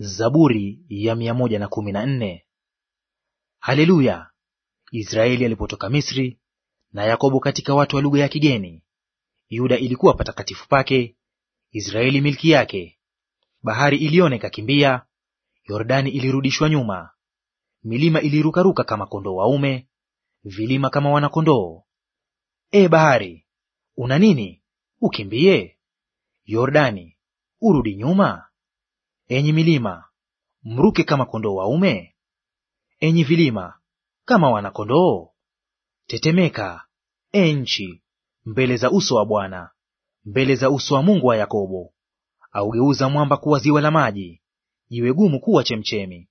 Zaburi ya mia moja na kumi na nne. Haleluya! Israeli alipotoka Misri na Yakobo katika watu wa lugha ya kigeni. Yuda ilikuwa patakatifu pake, Israeli milki yake. Bahari iliona ikakimbia, Yordani ilirudishwa nyuma. Milima ilirukaruka kama kondoo waume, vilima kama wanakondoo. E bahari, una nini? Ukimbie. Yordani, urudi nyuma. Enyi milima, mruke kama kondoo waume? Enyi vilima, kama wana-kondoo? Tetemeka, e nchi, mbele za uso wa Bwana, mbele za uso wa Mungu wa Yakobo, augeuza mwamba kuwa ziwa la maji, jiwe gumu kuwa chemchemi.